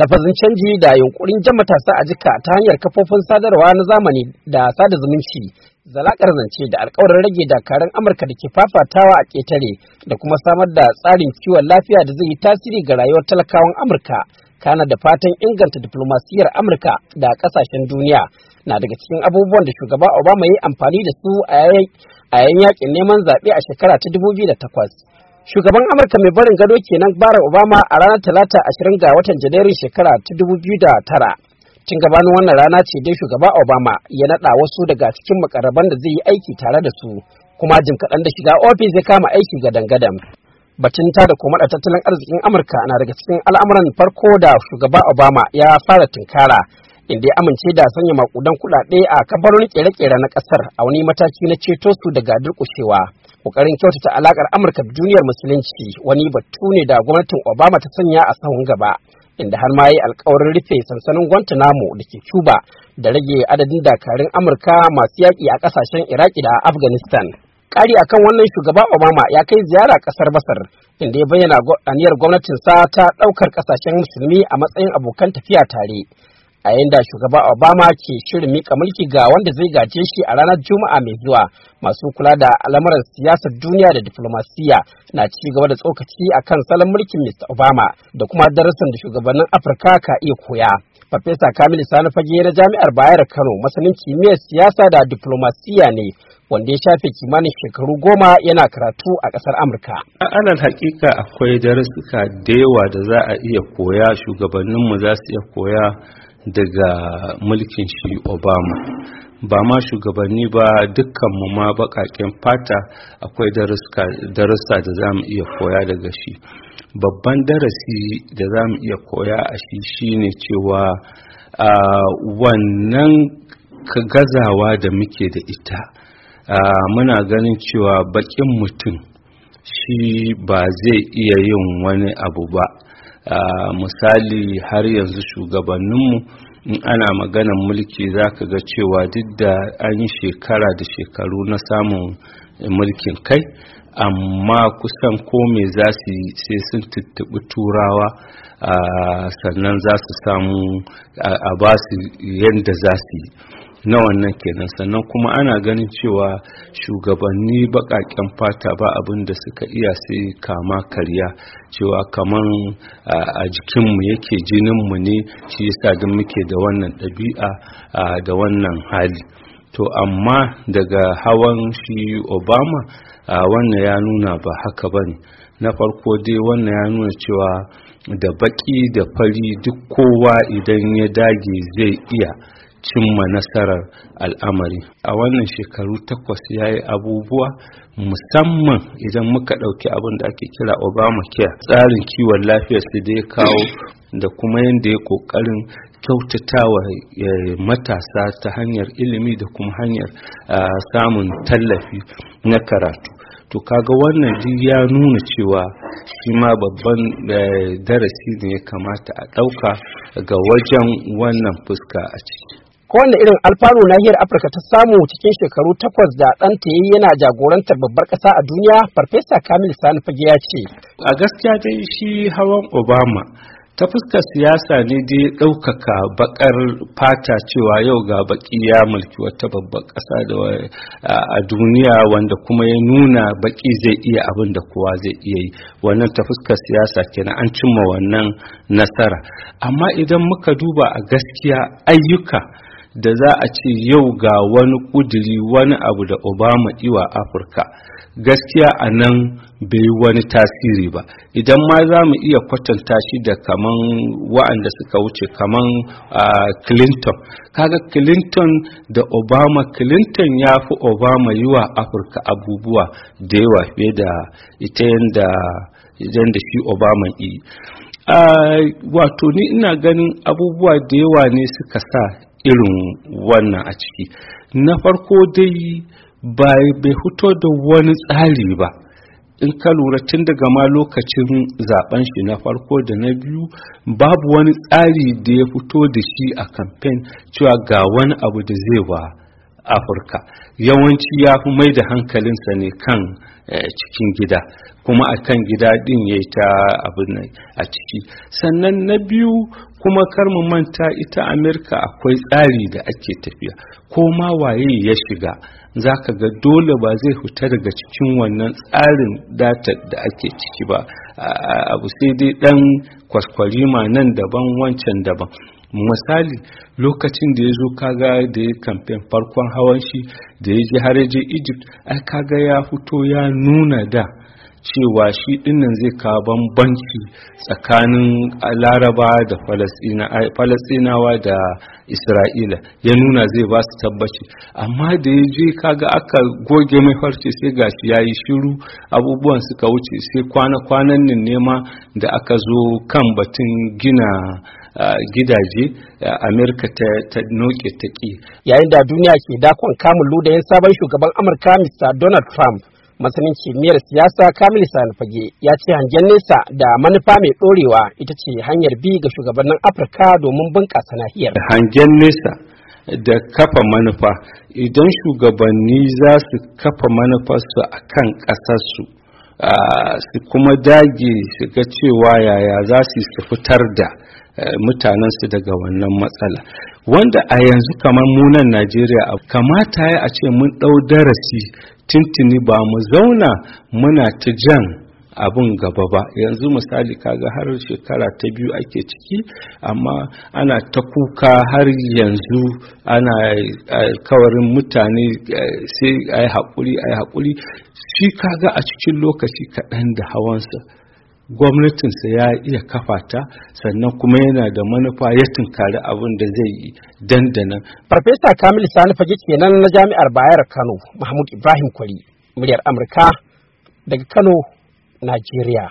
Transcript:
lafazin canji da yunkurin jan matasa a jika ta hanyar kafofin sadarwa na zamani da sada zumunci zalakar zance da alkawarin rage dakarun amurka da ke fafatawa a ketare da kuma samar da tsarin kiwon lafiya da zai yi tasiri ga rayuwar talakawan amurka kana da fatan inganta diflomasiyyar amurka da kasashen duniya na daga cikin abubuwan da shugaba obama ya yi amfani da su a yayin yakin neman zaɓe a shekara ta 2008 shugaban amurka mai barin gado kenan barack obama a ranar talata ashirin ga watan janairun shekara ta dubu biyu da tara tun gabanin wannan rana ce dai shugaba obama ya naɗa wasu daga cikin makaraban da zai yi aiki tare da su kuma jim kaɗan da shiga ofis ya kama aiki ga dangadan batun ta da kuma da tattalin arzikin amurka na daga cikin al'amuran farko da shugaba obama ya fara tunkara inda ya amince da sanya makudan kuɗaɗe a kabarin kere-kere na ƙasar a wani mataki na ceto su daga durƙushewa kokarin kyautata alakar amurka da duniyar musulunci wani batu ne da gwamnatin obama ta sanya a sahun gaba inda har ma yi alkawarin rufe sansanin guantanamo da ke cuba da rage adadin dakarun amurka masu yaƙi a ƙasashen iraki da afghanistan ƙari akan wannan shugaba obama ya kai ziyara ƙasar Basar, inda ya bayyana aniyar gwamnatinsa ta ɗaukar ƙasashen musulmi a matsayin abokan tafiya tare a da shugaba obama ke shirin mika mulki ga wanda zai gaje shi a ranar juma'a mai zuwa masu kula da al'amuran siyasar duniya da diplomasiya na ci gaba da tsokaci a kan salon mulkin mr obama da kuma darasin da shugabannin afirka ka iya koya farfesa kamilu sani fage na jami'ar bayar kano masanin kimiyyar siyasa da diplomasiya ne wanda ya shafe kimanin shekaru goma yana karatu a kasar amurka alal hakika akwai darussuka da yawa da za a iya koya shugabanninmu za su iya koya daga mulkin shi obama ba ma shugabanni ba dukkan mu ma bakaken fata akwai darussa da za mu iya koya daga shi babban darasi da za mu iya koya a shi shine cewa wannan gazawa da muke da ita muna ganin cewa bakin mutum shi ba zai iya yin wani abu ba misali har yanzu shugabanninmu in ana maganan mulki za ka ga cewa duk da an yi shekara da shekaru na samun mulkin kai amma kusan ko me za su yi sai sun tuttuɓi turawa sannan za su samu a ba yadda za su yi na wannan kenan sannan kuma ana ganin cewa shugabanni baƙaƙen fata ba abin da suka iya sai kama karya cewa kamar a jikinmu yake jininmu ne shi yasa don muke da wannan ɗabi'a da wannan hali to amma daga hawan shi obama wannan ya nuna ba haka ba ne na farko dai wannan ya nuna cewa da baki da fari duk kowa idan ya dage zai iya cimma nasarar al'amari a wannan shekaru takwas ya yi abubuwa musamman idan muka ɗauki abin da ake kira obamacare tsarin kiwon lafiyar su da ya kawo da kuma yadda ya ƙoƙarin kyautatawa matasa ta hanyar ilimi da kuma hanyar samun tallafi na karatu to kaga wannan duk ya nuna cewa shi ma babban e, darasi ne ya kamata a ɗauka ga wajen wannan fuska a ciki kowane irin alfaro nahiyar afirka ta samu cikin shekaru takwas da ɗanta yayi yana jagorantar babbar ƙasa a duniya farfesa kamil sani fage ya ce a gaskiya dai shi hawan obama ta fuskar siyasa ne dai ɗaukaka bakar fata cewa yau ga baki ya mulki wata babbar ƙasa a duniya wanda kuma ya nuna baki zai iya abin da kowa zai iya yi wannan ta fuskar siyasa kenan an cimma wannan nasara amma idan muka duba a gaskiya ayyuka da za a ce yau ga wani kuduri wani abu da obama iwa afirka gaskiya a nan bai wani tasiri ba idan ma za mu iya kwatanta shi da kaman wa'anda suka wuce kaman clinton kaga clinton da obama clinton ya fi obama yi wa afirka abubuwa da yawa fiye da ita yadda idan da shi obama yi wato ni ina ganin abubuwa da yawa ne suka sa irin wannan a ciki na farko dai ba bai fito da wani tsari ba in ka lura tun daga ma lokacin zaben shi na farko da na biyu babu wani tsari da ya fito da shi a kamfen cewa ga wani abu da zai wa afirka yawanci ya fi mai da hankalinsa ne kan eh, cikin gida kuma a kan gida din ya yi ta abin a ciki sannan na biyu kuma kar mu manta ita amerika akwai tsari da ake tafiya ko ma waye ya shiga za ka ga dole ba zai huta daga cikin wannan tsarin data da ake ciki ba abu sai dai dan kwaskwarima nan daban wancan daban misali lokacin da ya zo kaga da ya kamfen farkon hawan shi da ya ji har je egypt ai kaga ya fito ya nuna da cewa shi dinnan zai kawo bambanci tsakanin laraba da falasinawa da isra'ila ya nuna zai ba su tabbaci amma da ya je kaga aka goge mai farce sai gashi ya yi shiru abubuwan suka wuce sai kwana-kwanan nan nema da aka zo kan batun gina gidaje amerika ta noke ta ƙi yayin da duniya ke dakon kamun ludayin sabon shugaban amurka mr donald trump masanin kimiyyar siyasa kamil fage ya ce hangen nesa da manufa mai ɗorewa ita ce hanyar bi ga shugabannin afirka domin bunƙasa nahiyar hangen nesa da kafa manufa idan shugabanni za su kafa manufarsu a kan ƙasarsu su kuma dage su cewa yaya za su su fitar da e, mutanensu daga wannan matsala wanda a yanzu kamar munan najeriya kamata ya a ce mun ɗau darasi tintini ba mu zauna muna ta jan abin gaba ba yanzu misali kaga har shekara ta biyu ake ciki amma ana ta kuka har yanzu ana kawarin mutane sai a yi haƙuri a yi haƙuri shi kaga a cikin lokaci kaɗan da hawansa gwamnatinsa ya iya kafata, sannan kuma yana da manufa ya tunkari abin da zai yi dandanan. Farfesa Kamil Sani Fage kenan na Jami'ar Bayar Kano, Mahmud Ibrahim Kwari, muryar Amurka daga Kano, Najeriya.